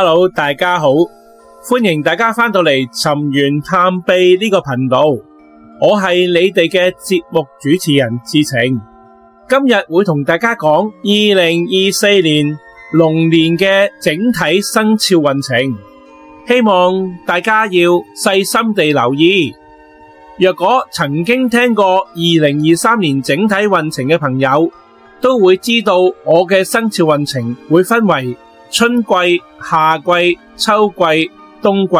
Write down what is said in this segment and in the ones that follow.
Hello，大家好，歡迎大家翻到嚟尋源探秘呢個頻道，我係你哋嘅節目主持人智澄，今日會同大家講二零二四年龍年嘅整體生肖運程，希望大家要細心地留意。若果曾經聽過二零二三年整體運程嘅朋友，都會知道我嘅生肖運程會分為，春季、夏季、秋季、冬季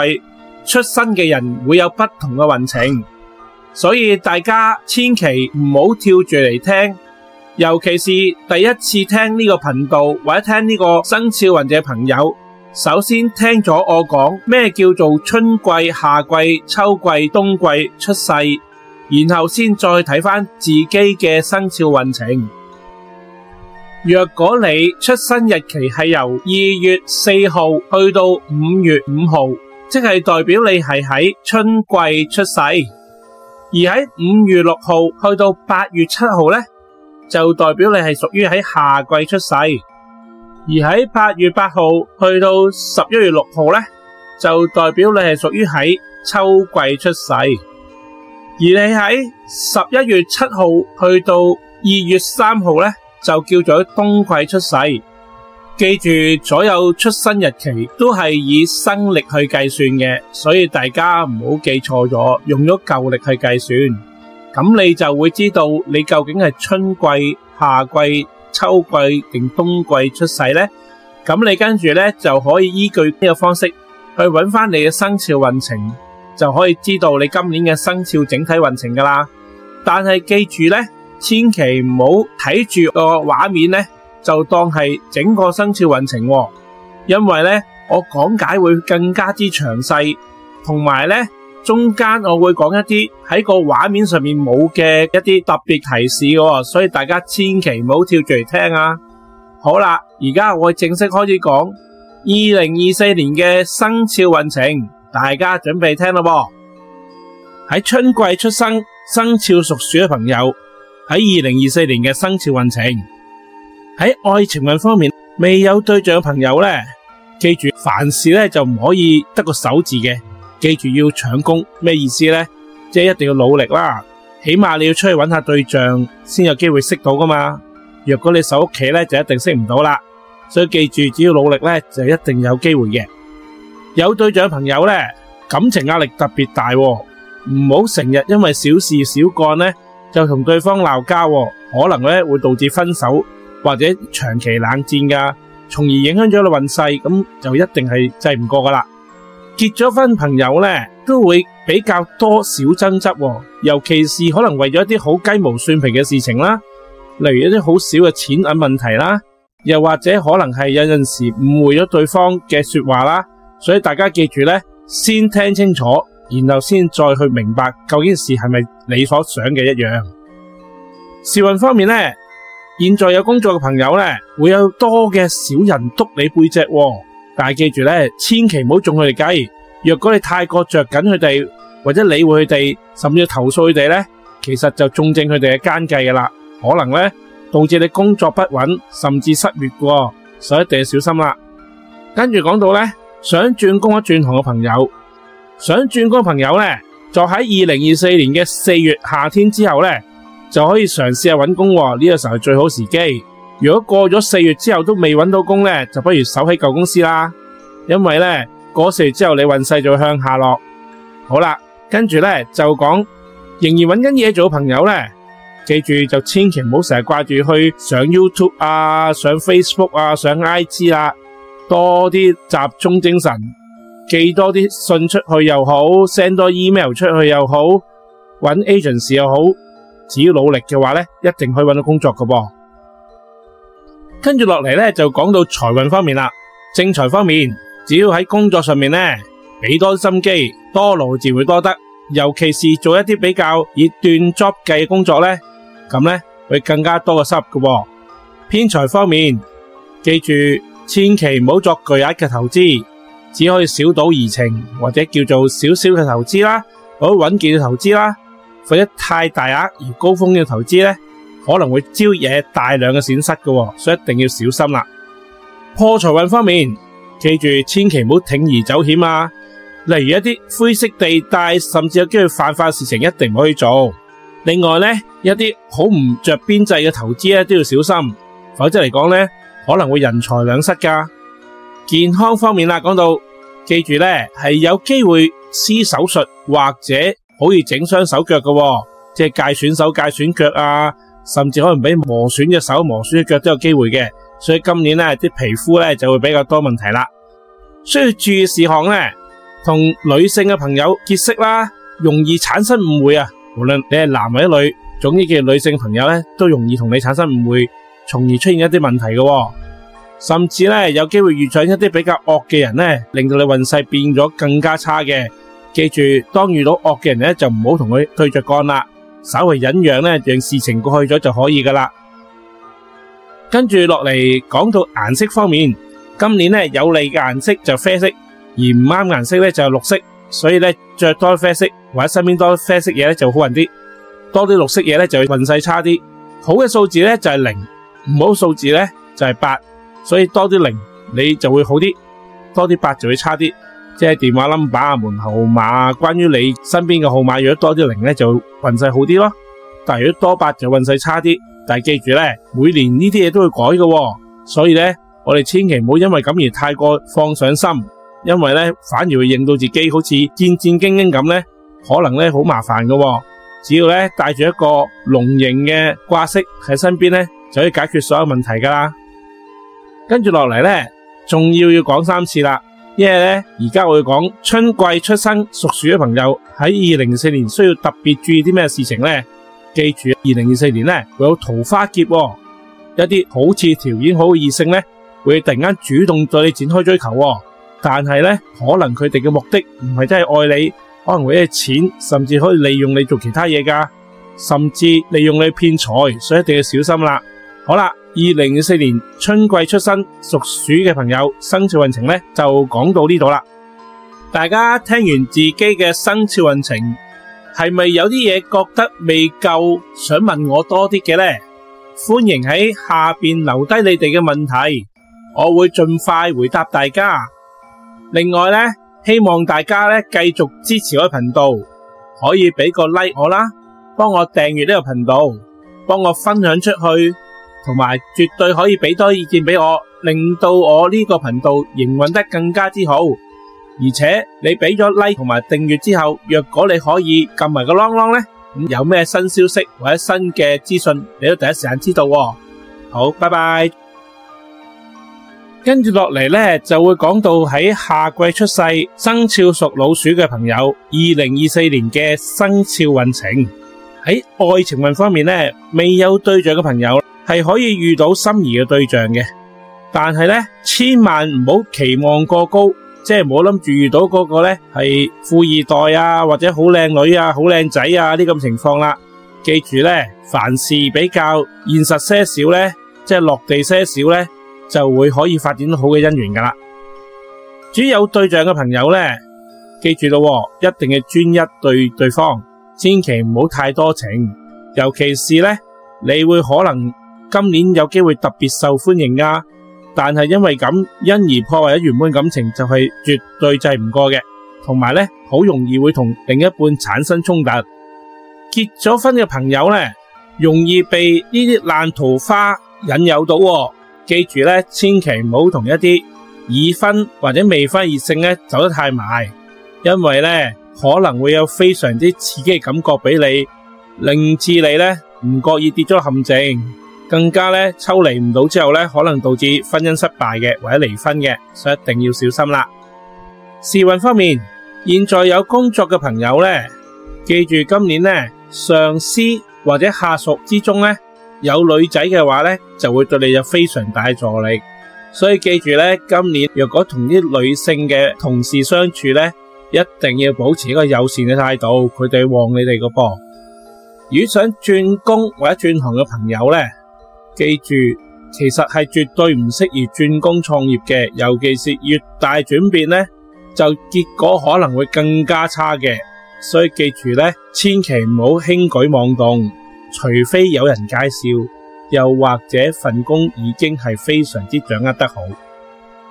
出生嘅人會有不同嘅運程，所以大家千祈唔好跳住嚟聽，尤其是第一次聽呢個頻道或者聽呢個生肖運嘅朋友，首先聽咗我講咩叫做春季、夏季、秋季、冬季出世，然後先再睇返自己嘅生肖運程。若果你出生日期係由二月四號去到五月五號，即係代表你係喺春季出世；而喺五月六號去到八月七號咧，就代表你係屬於喺夏季出世；而喺八月八號去到十一月六號咧，就代表你係屬於喺秋季出世；而你喺十一月七號去到二月三號咧，就叫做千祈唔好睇住個畫面呢，就當係整個生肖運程，因為呢我講解會更加之詳細，同埋呢中間我會講一啲喺個畫面上面冇嘅一啲特別提示嘅，所以大家千祈唔好跳住嚟聽啊！好啦，而家我正式開始講二零二四年嘅生肖運程，大家準備聽咯喎。喺春季出生生肖屬鼠嘅朋友。喺二零二四年嘅生肖運程，喺愛情運方面，未有對象嘅朋友咧，記住凡事咧就唔可以得個守字嘅，記住要搶攻，咩意思咧？即係一定要努力啦，起碼你要出去揾下對象，先有機會識到噶嘛。若果你守屋企咧，就一定識唔到啦。所以記住，只要努力咧，就一定有機會嘅。有對象嘅朋友咧，感情壓力特別大啊，唔好成日因為小事小乾咧。就同對方鬧交，可能呢會導致分手或者長期冷戰㗎，從而影響咗個運勢，咁就一定係制唔過㗎喇。結咗婚朋友呢都會比較多少爭執，尤其是可能為咗一啲好雞毛蒜皮嘅事情啦，例如一啲好少嘅錢銀問題啦，又或者可能係有陣時誤會咗對方嘅說話啦，所以大家記住呢，先聽清楚。然後先再去明白究竟事係咪你所想嘅一樣。時運方面咧，現在有工作嘅朋友咧會有多嘅小人督你背脊，但係記住咧，千祈唔好中佢哋計。若果你太過着緊佢哋，或者理會佢哋，甚至投訴佢哋咧，其實就中正佢哋嘅奸計噶啦，可能咧導致你工作不穩，甚至失業噶。所以一定要小心啦。跟住講到咧，想轉工一轉行嘅朋友。想轉工嘅朋友呢，就喺二零二四年嘅四月夏天之後呢，就可以嘗試下搵工。呢個時候係最好時機。如果過咗四月之後都未搵到工呢，就不如守喺舊公司啦。因為呢，過四月之後你運勢就會向下落。好啦，跟住呢就講，仍然搵緊嘢做嘅朋友呢，記住就千祈唔好成日掛住去上 YouTube 啊、上 Facebook 啊、上 IG 啊，多啲集中精神。寄多啲信出去又好，send 多 email 出去又好，揾 agents 又好，只要努力嘅話呢，一定可以揾到工作噶噃。跟住落嚟咧就講到財運方面啦，正財方面，只要喺工作上面呢，俾多啲心機，多勞自然會多得。尤其是做一啲比較以斷 job 計嘅工作呢，咁咧會更加多嘅收入嘅。偏財方面，記住千祈唔好作巨額嘅投資。只可以小賭怡情，或者叫做小小嘅投資啦，或者穩健嘅投資啦，否則太大額而高風險嘅投資呢，可能會招惹大量嘅損失嘅，所以一定要小心啦。破財運方面，記住千祈唔好鋌而走險啊！例如一啲灰色地帶，甚至有機會犯法嘅事情，一定唔可以做。另外呢，一啲好唔着邊際嘅投資咧，都要小心，否則嚟講呢，可能會人財兩失㗎。健康方面啦，講到記住咧，係有機會施手術或者好易整傷手腳嘅，即係戒損手戒損腳啊，甚至可能俾磨損嘅手磨損嘅腳都有機會嘅，所以今年咧啲皮膚咧就會比較多問題啦，需要注意事項咧，同女性嘅朋友結識啦，容易產生誤會啊，無論你係男或者女，總之嘅女性朋友咧都容易同你產生誤會，從而出現一啲問題嘅。甚至咧，有機會遇上一啲比較惡嘅人咧，令到你運勢變咗更加差嘅。記住，當遇到惡嘅人咧，就唔好同佢對着幹啦，稍微忍讓咧，讓事情過去咗就可以噶啦。跟住落嚟講到顏色方面，今年咧有利嘅顏色就啡色，而唔啱顏色咧就係綠色。所以咧着多啡色或者身邊多啡色嘢，咧就好運啲，多啲綠色嘢咧就會運勢差啲。好嘅數字咧就係零，唔好數字咧就係八。所以多啲零，你就會好啲；多啲八就會差啲。即係電話 number 啊、門號碼啊，關於你身邊嘅號碼，如果多啲零咧，就運勢好啲咯。但如果多八就運勢差啲。但係記住咧，每年呢啲嘢都會改嘅，所以咧我哋千祈唔好因為咁而太過放上心，因為咧反而會令到自己好似戰戰兢兢咁咧，可能咧好麻煩噶。只要咧帶住一個龍形嘅掛飾喺身邊咧，就可以解決所有問題噶啦。跟住落嚟呢，仲要要講三次啦。因為呢，而家我要講春季出生屬鼠嘅朋友喺二零二四年需要特別注意啲咩事情呢？記住，二零二四年呢會有桃花劫，哦，一啲好似條件好嘅異性呢會突然間主動對你展開追求，哦，但係呢，可能佢哋嘅目的唔係真係愛你，可能會為錢，甚至可以利用你做其他嘢噶，甚至利用你騙財，所以一定要小心啦。好啦。二零二四年春季出生屬鼠嘅朋友生肖運程呢，就講到呢度啦。大家聽完自己嘅生肖運程，係咪有啲嘢覺得未夠，想問我多啲嘅呢？歡迎喺下邊留低你哋嘅問題，我會盡快回答大家。另外呢，希望大家呢繼續支持我嘅頻道，可以俾個 like 我啦，幫我訂閱呢個頻道，幫我分享出去。同埋絕對可以俾多意見俾我，令到我呢個頻道營運得更加之好。而且你俾咗 like 同埋訂閱之後，若果你可以撳埋個 long long 呢，咁有咩新消息或者新嘅資訊，你都第一時間知道喎。好，拜拜。跟住落嚟呢，就會講到喺夏季出世生肖屬老鼠嘅朋友，二零二四年嘅生肖運程。喺愛情運方面呢，未有對象嘅朋友。係可以遇到心儀嘅對象嘅，但係咧，千萬唔好期望過高，即係唔好諗住遇到嗰個咧係富二代啊，或者好靚女啊、好靚仔啊呢咁情況啦。記住咧，凡事比較現實些少咧，即係落地些少咧，就會可以發展到好嘅姻緣噶啦。至於有對象嘅朋友咧，記住咯、哦，一定要專一對對方，千祈唔好太多情，尤其是咧你會可能。今年有機會特別受歡迎啊，但係因為咁因而破壞咗原本感情，就係絕對制唔過嘅。同埋咧，好容易會同另一半產生衝突。結咗婚嘅朋友咧，容易被呢啲爛桃花引誘到喎。記住咧，千祈唔好同一啲已婚或者未婚異性咧走得太埋，因為咧可能會有非常之刺激嘅感覺俾你，令至你咧唔覺意跌咗陷阱。更加咧抽離唔到之後咧，可能導致婚姻失敗嘅，或者離婚嘅，所以一定要小心啦。時運方面，現在有工作嘅朋友咧，記住今年咧上司或者下屬之中咧有女仔嘅話咧，就會對你有非常大嘅助力。所以記住咧，今年若果同啲女性嘅同事相處咧，一定要保持一個友善嘅態度，佢哋旺你哋個波。如果想轉工或者轉行嘅朋友咧。記住，其實係絕對唔適宜轉工創業嘅，尤其是越大轉變呢，就結果可能會更加差嘅。所以記住呢，千祈唔好輕舉妄動，除非有人介紹，又或者份工已經係非常之掌握得好。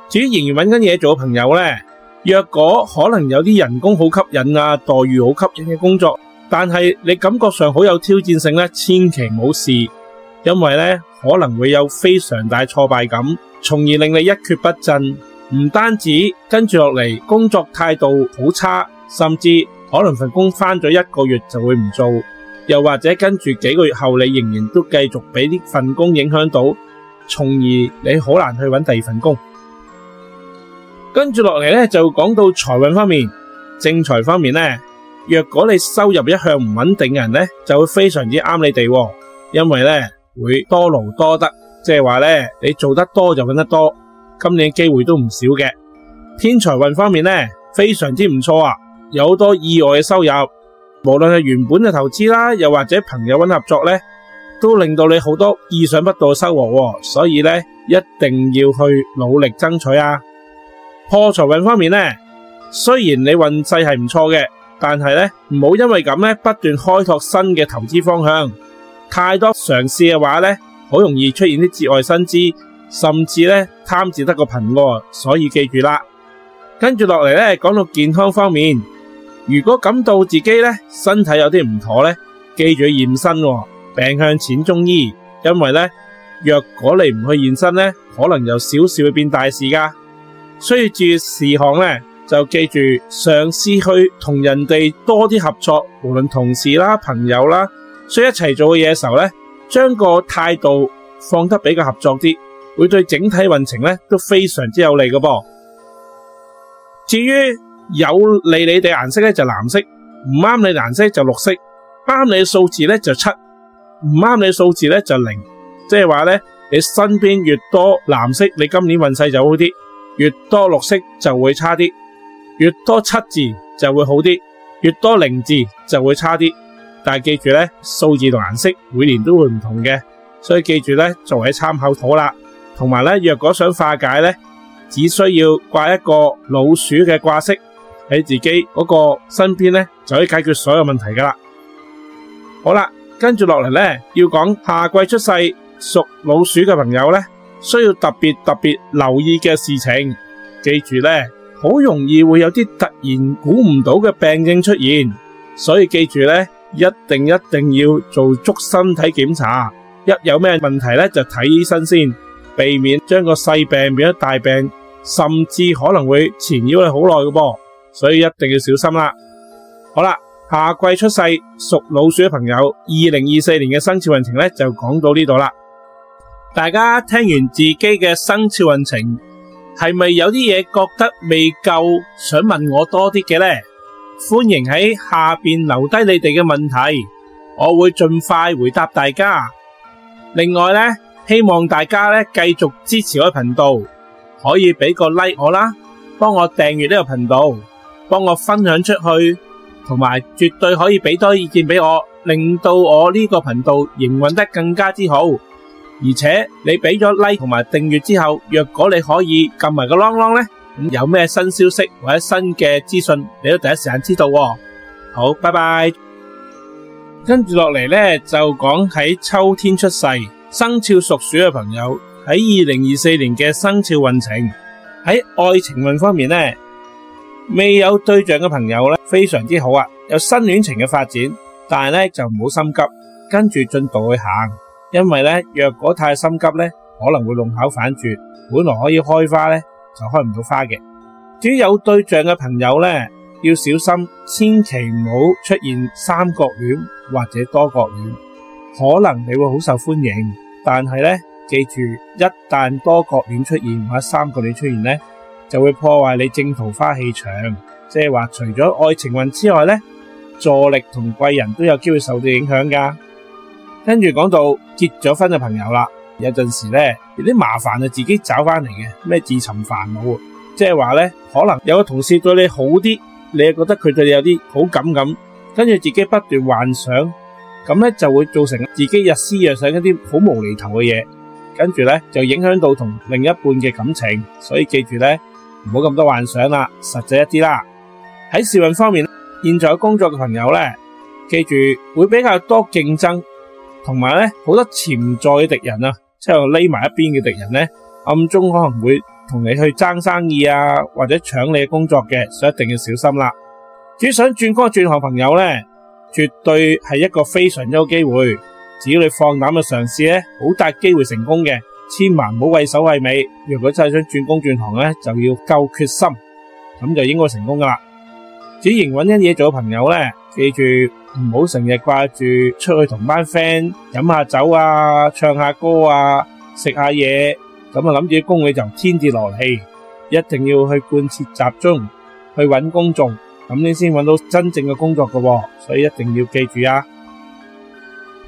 至於仍然搵緊嘢做嘅朋友呢，若果可能有啲人工好吸引啊，待遇好吸引嘅工作，但係你感覺上好有挑戰性呢，千祈冇試，因為呢。可能會有非常大挫敗感，從而令你一蹶不振。唔單止跟住落嚟工作態度好差，甚至可能份工返咗一個月就會唔做，又或者跟住幾個月後你仍然都繼續俾呢份工影響到，從而你好難去搵第二份工。跟住落嚟咧，就講到財運方面，正財方面呢，若果你收入一向唔穩定嘅人呢，就會非常之啱你哋喎，因為呢。會多勞多得，即係話咧，你做得多就搵得多。今年機會都唔少嘅，天財運方面咧，非常之唔錯啊，有好多意外嘅收入。無論係原本嘅投資啦，又或者朋友搵合作咧，都令到你好多意想不到嘅收穫。所以咧，一定要去努力爭取啊。破財運方面咧，雖然你運勢係唔錯嘅，但係咧唔好因為咁咧不斷開拓新嘅投資方向。太多嘗試嘅話呢，好容易出現啲節外生枝，甚至呢，貪字得個貧。所以記住啦，跟住落嚟，呢講到健康方面，如果感到自己呢，身體有啲唔妥呢，記住去驗身，病向淺中醫。因為呢，若果你唔去驗身呢，可能有小事會變大事噶。需要注意事項呢，就記住嘗試去同人哋多啲合作，無論同事啦、朋友啦。所以一齊做嘅嘢嘅時候呢，將個態度放得比較合作啲，會對整體運程呢都非常之有利嘅噃。至於有利你嘅顏色呢，就藍色，唔啱你顏色就綠色，啱你數字呢，就七，唔啱你數字呢，就零。即係話呢，你身邊越多藍色，你今年運勢就好啲；越多綠色就會差啲；越多七字就會好啲；越多零字就會差啲。但係記住咧，數字同顏色每年都會唔同嘅，所以記住咧作為參考妥啦。同埋咧，若果想化解咧，只需要掛一個老鼠嘅掛飾喺自己嗰個身邊咧，就可以解決所有問題噶啦。好啦，跟住落嚟咧，要講夏季出世屬老鼠嘅朋友咧，需要特別特別留意嘅事情。記住咧，好容易會有啲突然估唔到嘅病症出現，所以記住咧。一定一定要做足身體檢查，一有咩問題咧就睇醫生先，避免將個細病變咗大病，甚至可能會纏繞你好耐嘅噃，所以一定要小心啦。好啦，夏季出世屬老鼠嘅朋友，二零二四年嘅生肖運程咧就講到呢度啦。大家聽完自己嘅生肖運程，係咪有啲嘢覺得未夠，想問我多啲嘅咧？歡迎喺下面留低你哋嘅問題，我會盡快回答大家。另外呢，希望大家呢繼續支持我嘅頻道，可以俾個 like 我啦，幫我訂閱呢個頻道，幫我分享出去，同埋絕對可以俾多意見俾我，令到我呢個頻道營運得更加之好。而且你俾咗 like 同埋訂閱之後，若果你可以撳埋個朗朗呢。咁有咩新消息或者新嘅資訊，你都第一時間知道喎。好，拜拜。跟住落嚟呢，就講喺，秋天出世，生肖屬鼠嘅朋友喺二零二四年嘅生肖運程。喺愛情運方面呢，未有對象嘅朋友呢，非常之好啊，有新戀情嘅發展，但係呢，就唔好心急，跟住進度去行，因為呢，若果太心急呢，可能會弄巧反拙，本來可以開花呢。就開唔到花嘅。至於有對象嘅朋友咧，要小心，千祈唔好出現三角戀或者多角戀。可能你會好受歡迎，但係咧，記住，一旦多角戀出現或者三角戀出現咧，就會破壞你正桃花氣場。即係話，除咗愛情運之外咧，助力同貴人都有機會受到影響噶。跟住講到結咗婚嘅朋友啦。有陣時呢，有啲麻煩就自己找翻嚟嘅，咩自尋煩惱，即係話呢，可能有個同事對你好啲，你又覺得佢對你有啲好感咁，跟住自己不斷幻想，咁呢就會造成自己日思夜想一啲好無厘頭嘅嘢，跟住咧就影響到同另一半嘅感情，所以記住咧，唔好咁多幻想啦，實際一啲啦。喺事業方面，現在工作嘅朋友咧，記住會比較多競爭，同埋咧好多潛在嘅敵人啊。之後匿埋一邊嘅敵人呢，暗中可能會同你去爭生意啊，或者搶你嘅工作嘅，所以一定要小心啦。至於想轉工轉行朋友呢，絕對係一個非常之好機會，只要你放膽去嘗試呢，好大機會成功嘅。千萬唔好畏首畏尾，若果真係想轉工轉行呢，就要夠決心，咁就應該成功噶啦。只然揾啲嘢做朋友咧，記住唔好成日掛住出去同班 friend 飲下酒啊、唱下歌啊、食下嘢，咁啊諗住啲工會就天字羅氣，一定要去貫徹集中去揾工種，咁呢先揾到真正嘅工作㗎，所以一定要記住啊！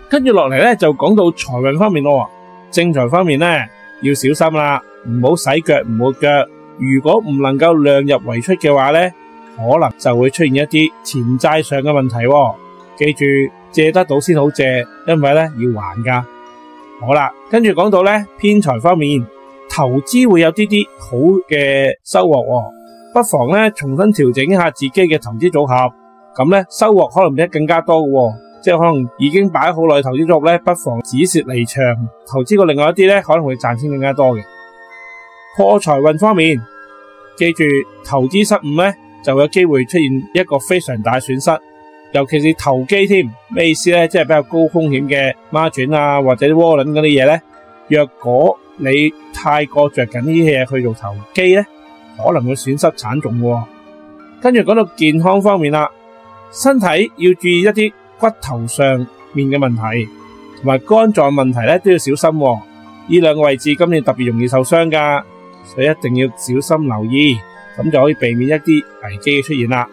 跟住落嚟咧就講到財運方面咯，正財方面咧要小心啦，唔好洗腳唔抹腳，如果唔能夠量入為出嘅話咧。可能就會出現一啲錢債上嘅問題、哦，記住借得到先好借，因為呢要還噶。好啦，跟住講到呢偏財方面，投資會有啲啲好嘅收穫、哦，不妨呢重新調整一下自己嘅投資組合，咁呢收穫可能變得更加多嘅、哦。即係可能已經擺好耐投資組合呢，不妨止蝕離場，投資過另外一啲呢，可能會賺錢更加多嘅。破財運方面，記住投資失誤呢。就會有機會出現一個非常大損失，尤其是投機添，咩意思咧？即係比較高風險嘅孖轉啊，或者窩輪嗰啲嘢咧。若果你太過着緊呢啲嘢去做投機咧，可能會損失慘重嘅、哦。跟住講到健康方面啦，身體要注意一啲骨頭上面嘅問題，同埋肝臟問題咧都要小心、哦。呢兩個位置今年特別容易受傷噶，所以一定要小心留意。咁就可以避免一啲危機出現啦。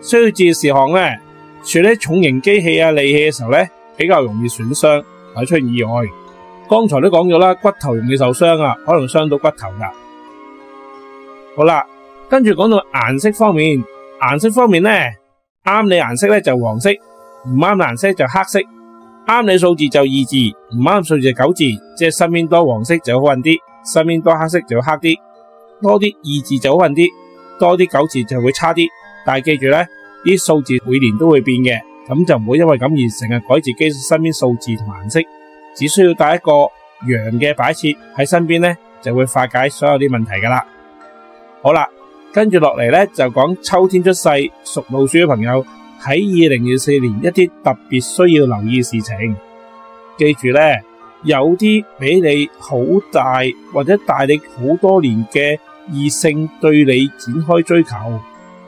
需要注意事項咧，處理重型機器啊、利器嘅時候咧，比較容易損傷，或者出現意外。剛才都講咗啦，骨頭容易受傷啊，可能傷到骨頭噶。好啦，跟住講到顏色方面，顏色方面咧，啱你顏色咧就黃色，唔啱顏色就黑色。啱你數字就二字，唔啱數字就九字，即係身邊多黃色就好運啲，身邊多黑色就要黑啲。多啲二字就好運啲，多啲九字就會差啲。但記住咧，呢啲數字每年都會變嘅，咁就唔會因為咁而成日改自己身邊數字同顏色，只需要帶一個陽嘅擺設喺身邊呢，就會化解所有啲問題噶啦。好啦，跟住落嚟呢，就講秋天出世屬老鼠嘅朋友喺二零二四年一啲特別需要留意嘅事情。記住呢，有啲比你好大或者大你好多年嘅。異性對你展開追求，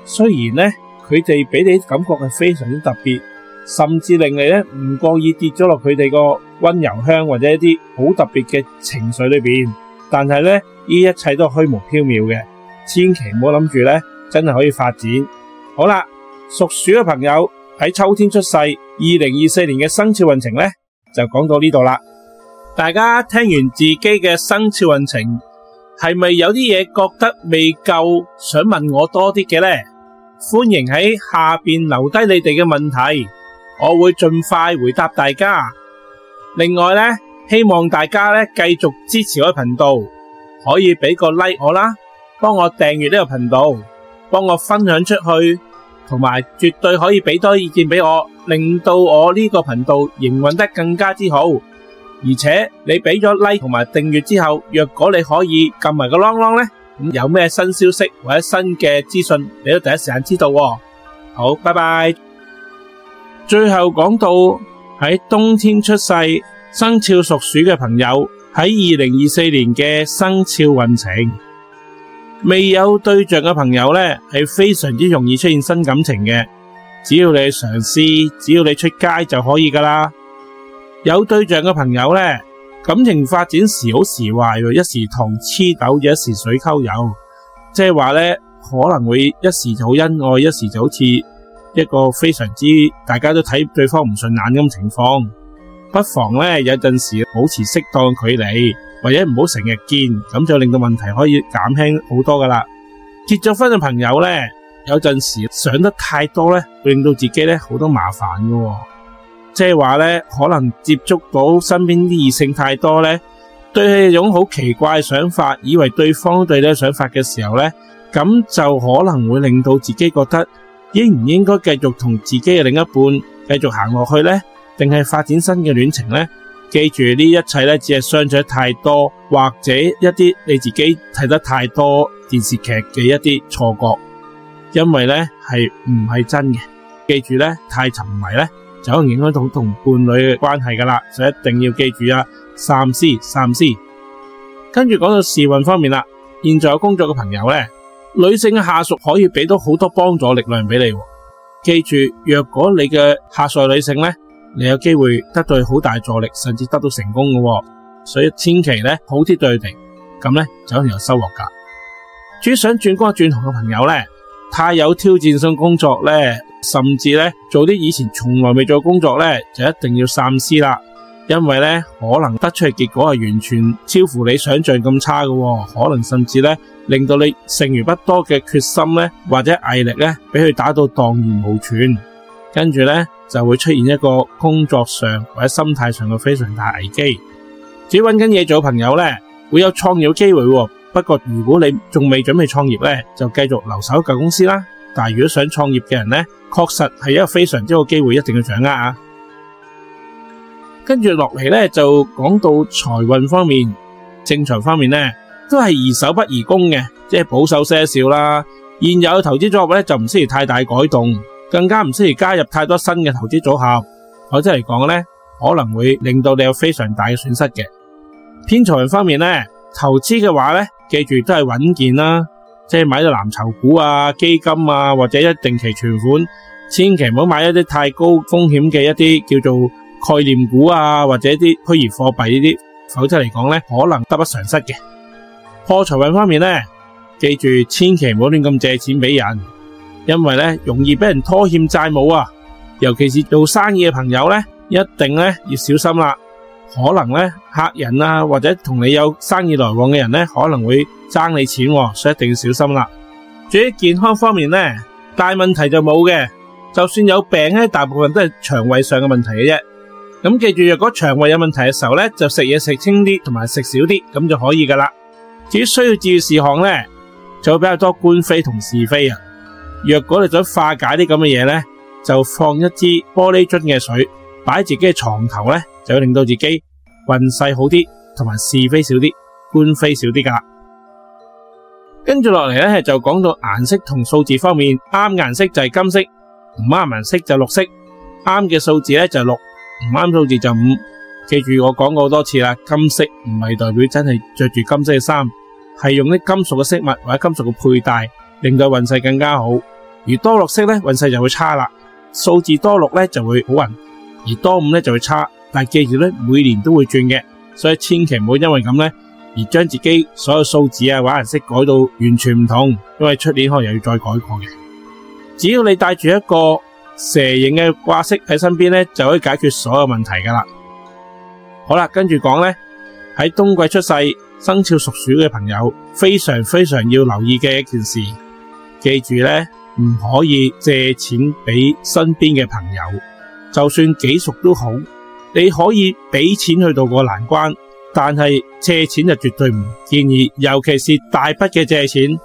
雖然呢，佢哋俾你嘅感覺係非常之特別，甚至令你呢唔覺意跌咗落佢哋個溫柔鄉或者一啲好特別嘅情緒裏面。但係呢，呢一切都係虛無縹緲嘅，千祈唔好諗住呢，真係可以發展。好啦，屬鼠嘅朋友喺秋天出世，二零二四年嘅生肖運程呢，就講到呢度啦。大家聽完自己嘅生肖運程，係咪有啲嘢覺得未夠，想問我多啲嘅呢？歡迎喺下邊留低你哋嘅問題，我會盡快回答大家。另外呢，希望大家咧繼續支持我嘅頻道，可以俾個 like 我啦，幫我訂閱呢個頻道，幫我分享出去，同埋絕對可以俾多意見俾我，令到我呢個頻道營運得更加之好。而且你俾咗 like 同埋訂閱之後，若果你可以撳埋個 long long 呢，咁有咩新消息或者新嘅資訊，你都第一時間知道哦。好，拜拜。最後講到喺冬天出世、生肖屬鼠嘅朋友喺二零二四年嘅生肖運程，未有對象嘅朋友呢，係非常之容易出現新感情嘅，只要你嘗試，只要你出街就可以噶啦。有對象嘅朋友呢，感情發展時好時壞，又一時糖黐豆，一時水溝油，即係話呢，可能會一時就好恩愛，一時就好似一個非常之大家都睇對方唔順眼咁情況。不妨呢，有陣時保持適當距離，或者唔好成日見，咁就令到問題可以減輕好多噶啦。結咗婚嘅朋友呢，有陣時想得太多呢，會令到自己呢好多麻煩噶喎。即係話咧，可能接觸到身邊啲異性太多咧，對佢有種好奇怪嘅想法，以為對方對你有想法嘅時候咧，咁就可能會令到自己覺得應唔應該繼續同自己嘅另一半繼續行落去咧，定係發展新嘅戀情咧？記住呢一切咧，只係相處太多或者一啲你自己睇得太多電視劇嘅一啲錯覺，因為咧係唔係真嘅。記住咧，太沉迷咧。就可能影響到同伴侶嘅關係噶啦，所以一定要記住啊，三思三思。跟住講到時運方面啦，現在有工作嘅朋友咧，女性嘅下屬可以俾到好多幫助力量俾你。記住，若果你嘅下屬女性咧，你有機會得到好大助力，甚至得到成功嘅，所以千祈咧好啲對佢哋，咁咧就可能有收穫噶。至於想轉工轉行嘅朋友咧，太有挑戰性工作咧。甚至咧做啲以前從來未做工作咧，就一定要三思啦，因為咧可能得出嘅結果係完全超乎你想象咁差嘅、哦，可能甚至咧令到你剩餘不多嘅決心咧或者毅力咧俾佢打到蕩然無存，跟住咧就會出現一個工作上或者心態上嘅非常大危機。至於揾緊嘢做朋友咧會有創業機會、哦。不過如果你仲未準備創業咧，就繼續留守舊公司啦。但如果想創業嘅人呢，確實係一個非常之好機會，一定要掌握啊！跟住落嚟呢就講到財運方面，正財方面呢，都係宜守不宜攻嘅，即係保守些少啦。現有嘅投資組合呢就唔適宜太大改動，更加唔適宜加入太多新嘅投資組合。否則嚟講呢，可能會令到你有非常大嘅損失嘅。偏財運方面呢，投資嘅話呢，記住都係穩健啦。即係買啲藍籌股啊、基金啊，或者一定期存款，千祈唔好買一啲太高風險嘅一啲叫做概念股啊，或者一啲虛擬貨幣呢啲，否則嚟講呢，可能得不償失嘅。破財運方面呢，記住千祈唔好亂咁借錢俾人，因為呢，容易俾人拖欠債務啊。尤其是做生意嘅朋友呢，一定呢要小心啦。可能咧客人啊，或者同你有生意來往嘅人咧，可能會爭你錢、啊，所以一定要小心啦、啊。至於健康方面咧，大問題就冇嘅，就算有病咧，大部分都係腸胃上嘅問題嘅啫。咁、嗯、記住，若果腸胃有問題嘅時候咧，就食嘢食清啲，同埋食少啲，咁就可以噶啦。至於需要注意事項咧，就會比較多官非同是非啊。若果你想化解啲咁嘅嘢咧，就放一支玻璃樽嘅水。擺自己嘅床頭咧，就會令到自己運勢好啲，同埋是非少啲，官非少啲噶。跟住落嚟咧，就講到顏色同數字方面，啱顏色就係金色，唔啱顏色就綠色；啱嘅數字咧就六，唔啱數字就五。記住我講過好多次啦，金色唔係代表真係着住金色嘅衫，係用啲金屬嘅飾物或者金屬嘅佩戴，令到運勢更加好。而多綠色咧，運勢就會差啦。數字多六咧，就會好運。而多五咧就會差，但記住咧，每年都會轉嘅，所以千祈唔好因為咁咧而將自己所有數字啊、顏色改到完全唔同，因為出年可能又要再改過嘅。只要你帶住一個蛇形嘅掛飾喺身邊咧，就可以解決所有問題噶啦。好啦，跟住講呢，喺冬季出世生肖屬鼠嘅朋友，非常非常要留意嘅一件事，記住呢，唔可以借錢俾身邊嘅朋友。就算幾熟都好，你可以俾錢去度過難關，但係借錢就絕對唔建議，尤其是大筆嘅借錢，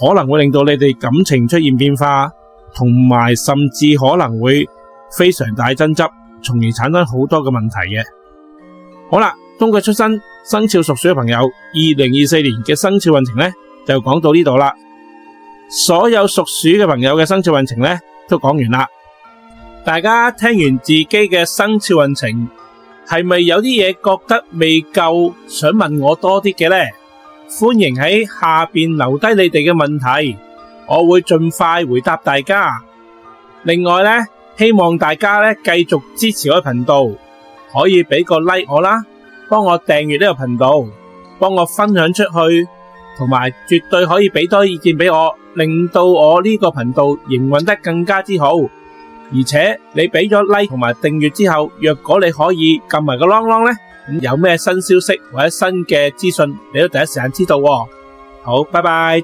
可能會令到你哋感情出現變化，同埋甚至可能會非常大爭執，從而產生好多嘅問題嘅。好啦，冬季出生生肖屬鼠嘅朋友，二零二四年嘅生肖運程咧，就講到呢度啦。所有屬鼠嘅朋友嘅生肖運程咧，都講完啦。大家聽完自己嘅生肖運程，係咪有啲嘢覺得未夠？想問我多啲嘅呢，歡迎喺下面留低你哋嘅問題，我會盡快回答大家。另外呢，希望大家呢繼續支持我嘅頻道，可以俾個 like 我啦，幫我訂閱呢個頻道，幫我分享出去，同埋絕對可以俾多意見俾我，令到我呢個頻道營運得更加之好。而且你俾咗 Like 同埋訂閱之後，若果你可以撳埋個鈴鈴呢，有咩新消息或者新嘅資訊，你都第一時間知道喎、哦。好，拜拜。